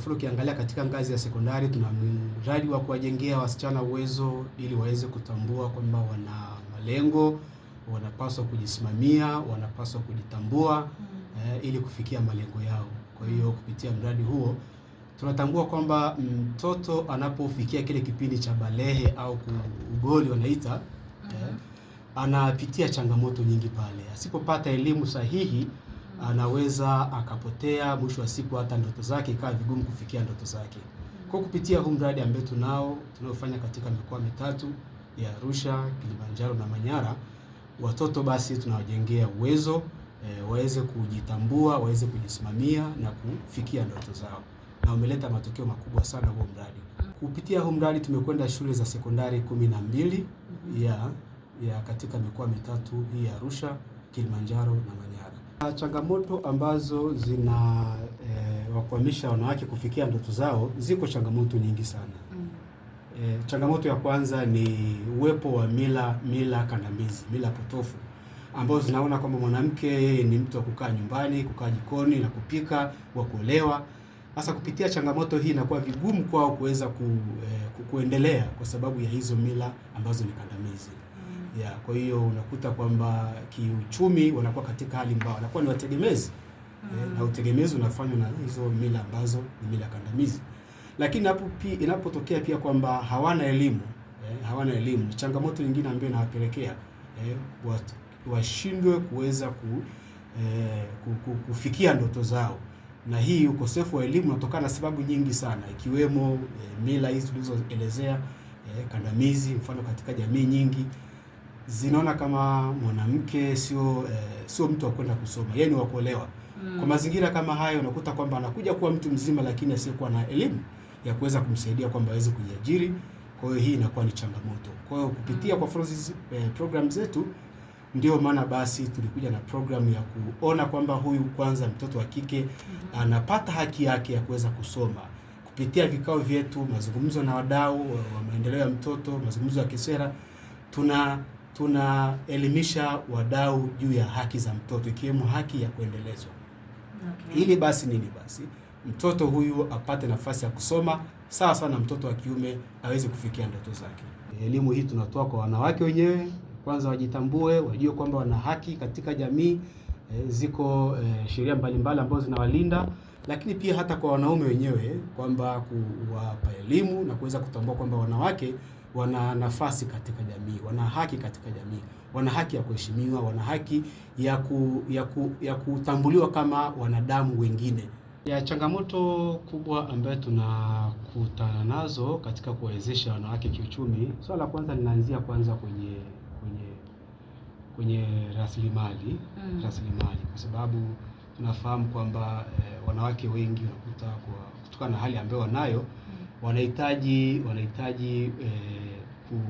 Kofolo ukiangalia katika ngazi ya sekondari, tuna mradi wa kuwajengea wasichana uwezo ili waweze kutambua kwamba wana malengo, wanapaswa kujisimamia, wanapaswa kujitambua mm. eh, ili kufikia malengo yao. Kwa hiyo kupitia mradi huo tunatambua kwamba mtoto anapofikia kile kipindi cha balehe au ugoli wanaita mm -hmm. eh, anapitia changamoto nyingi pale asipopata elimu sahihi anaweza akapotea, mwisho wa siku hata ndoto zake ikawa vigumu kufikia ndoto zake. Kwa kupitia huu mradi ambao tunao tunaofanya katika mikoa mitatu ya Arusha, Kilimanjaro na Manyara, watoto basi tunawajengea uwezo e, waweze kujitambua, waweze kujisimamia na kufikia ndoto zao, na umeleta matokeo makubwa sana huo mradi. Kupitia huu mradi tumekwenda shule za sekondari kumi na mbili mm-hmm. ya, ya katika mikoa mitatu hii ya Arusha, Kilimanjaro na Manyara. Changamoto ambazo zina e, wakwamisha wanawake kufikia ndoto zao ziko changamoto nyingi sana. Mm. E, changamoto ya kwanza ni uwepo wa mila mila kandamizi, mila potofu ambazo zinaona kwamba mwanamke yeye ni mtu wa kukaa nyumbani, kukaa jikoni na kupika, wa kuolewa. Sasa kupitia changamoto hii inakuwa vigumu kwao kuweza ku, e, kuendelea kwa sababu ya hizo mila ambazo ni kandamizi yeah. Kwa hiyo unakuta kwamba kiuchumi wanakuwa katika hali mbaya, wanakuwa ni wategemezi eh, mm. na utegemezi unafanywa na hizo mila ambazo ni mila kandamizi, lakini inapotokea pia kwamba hawana elimu yeah, hawana elimu, changamoto nyingine ambayo inawapelekea yeah, washindwe kuweza ku, eh, kufikia ndoto zao na hii ukosefu wa elimu unatokana na sababu nyingi sana ikiwemo e, mila hizi tulizoelezea, e, kandamizi, mfano katika jamii nyingi zinaona kama mwanamke sio eh, sio mtu wa kwenda kusoma, yeye ni wa kuolewa. Mm. Kwa mazingira kama hayo unakuta kwamba anakuja kuwa mtu mzima, lakini asiyekuwa na elimu ya kuweza kumsaidia kwamba aweze kujiajiri. Kwa hiyo hii inakuwa ni changamoto. Kwa hiyo kupitia kwa Forces eh, program zetu ndio maana basi tulikuja na program ya kuona kwamba huyu kwanza mtoto wa kike mm-hmm. anapata haki yake ya kuweza kusoma kupitia vikao vyetu, mazungumzo na wadau wa maendeleo ya mtoto, mazungumzo ya kisera tuna tunaelimisha wadau juu ya haki za mtoto ikiwemo haki ya kuendelezwa. Okay. Ili basi nini basi mtoto huyu apate nafasi ya kusoma sawa sawa na mtoto wa kiume aweze kufikia ndoto zake. Elimu hii tunatoa kwa wanawake wenyewe, kwanza wajitambue, wajue kwamba wana haki katika jamii. Eh, ziko e, sheria mbalimbali ambazo zinawalinda, lakini pia hata kwa wanaume wenyewe kwamba kuwapa elimu na kuweza kutambua kwamba wanawake wana nafasi katika jamii, wana haki katika jamii, wana haki ya kuheshimiwa, wana haki ya, ku, ya, ku, ya kutambuliwa kama wanadamu wengine. Ya changamoto kubwa ambayo tunakutana nazo katika kuwawezesha wanawake kiuchumi, swala so, la kwanza linaanzia kwanza kwenye kwenye kwenye rasilimali mm. rasilimali kwa sababu tunafahamu kwamba eh, wanawake wengi wanakuta kwa kutokana na hali ambayo wanayo wanahitaji wanahitaji e, ku,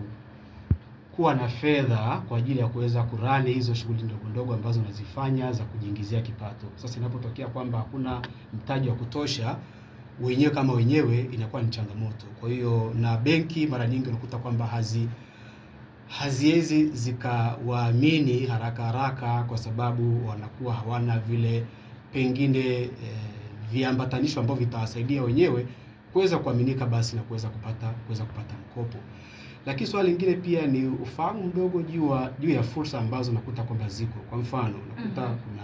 kuwa na fedha kwa ajili ya kuweza kurani hizo shughuli ndogo ndogo ambazo wanazifanya za kujiingizia kipato. Sasa inapotokea kwamba hakuna mtaji wa kutosha wenyewe kama wenyewe, inakuwa ni changamoto. Kwa hiyo na benki mara nyingi unakuta kwamba hazi haziwezi zikawaamini haraka haraka, kwa sababu wanakuwa hawana vile pengine e, viambatanisho ambavyo vitawasaidia wenyewe kuweza kuaminika basi na kuweza kupata kuweza kupata mkopo. Lakini swali lingine pia ni ufahamu mdogo juu ya fursa ambazo unakuta kwamba ziko. Kwa mfano unakuta mm -hmm. kuna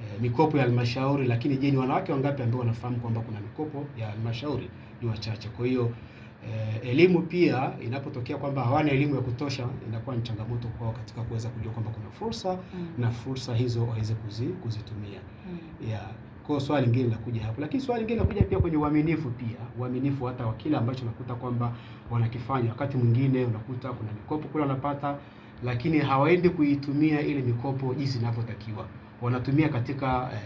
e, mikopo ya halmashauri, lakini je, ni wanawake wangapi ambao wanafahamu kwamba kuna mikopo ya halmashauri? Ni wachache. Kwa hiyo Eh, elimu pia inapotokea kwamba hawana elimu ya kutosha inakuwa ni changamoto kwao katika kuweza kujua kwamba kuna fursa mm. na fursa hizo waweze kuzi, kuzitumia mm. yeah. Kwa swali lingine linakuja hapo, lakini swali lingine linakuja pia kwenye uaminifu, pia uaminifu hata wa kile ambacho unakuta kwamba wanakifanya. Wakati mwingine unakuta kuna mikopo kule wanapata, lakini hawaendi kuitumia ile mikopo jinsi inavyotakiwa, wanatumia katika eh,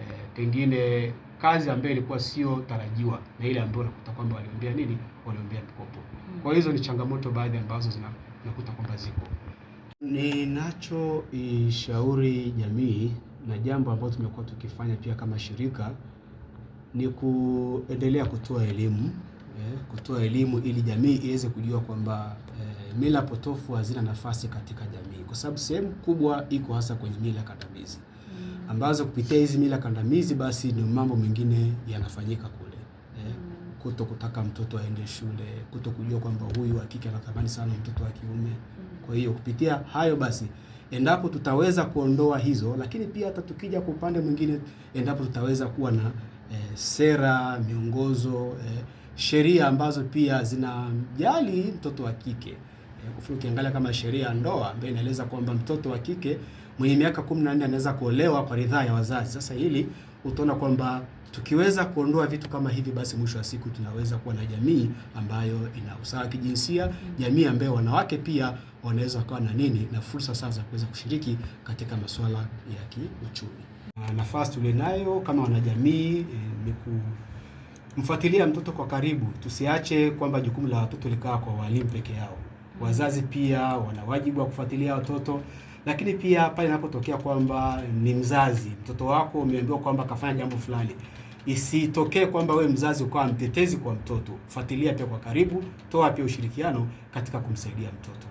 eh, pengine kazi ambayo ilikuwa sio tarajiwa na ile ambayo unakuta kwamba waliombea nini, waliombea mkopo. Mm. Kwa hizo ni changamoto baadhi ambazo zinakuta kwamba ziko. Ninachoishauri jamii na jambo ambalo tumekuwa tukifanya pia kama shirika ni kuendelea kutoa elimu eh, kutoa elimu ili jamii iweze kujua kwamba eh, mila potofu hazina nafasi katika jamii, kwa sababu sehemu kubwa iko hasa kwenye mila katamizi ambazo kupitia hizi mila kandamizi basi ndio mambo mengine yanafanyika kule eh, mm. kuto kutaka mtoto aende shule, kuto kujua kwamba huyu wa kike anathamani sana mtoto wa kiume. Mm. Kwa hiyo kupitia hayo basi, endapo tutaweza kuondoa hizo, lakini pia hata tukija kwa upande mwingine, endapo tutaweza kuwa na eh, sera, miongozo eh, sheria ambazo pia zinamjali mtoto wa kike Ukifu ukiangalia kama sheria ya ndoa ambayo inaeleza kwamba mtoto wa kike mwenye miaka 14 anaweza kuolewa kwa ridhaa ya wazazi. Sasa hili utaona kwamba tukiweza kuondoa vitu kama hivi, basi mwisho wa siku tunaweza kuwa na jamii ambayo ina usawa kijinsia, jamii ambayo wanawake pia wanaweza kuwa na nini na fursa sawa za kuweza kushiriki katika masuala ya kiuchumi. Nafasi nayo kama wanajamii e, ni kumfuatilia mtoto kwa karibu, tusiache kwamba jukumu la watoto likaa kwa walimu peke yao wazazi pia wana wajibu wa kufuatilia watoto, lakini pia pale inapotokea kwamba ni mzazi, mtoto wako umeambiwa kwamba kafanya jambo fulani, isitokee kwamba we mzazi ukawa mtetezi kwa mtoto. Fuatilia pia kwa karibu, toa pia ushirikiano katika kumsaidia mtoto.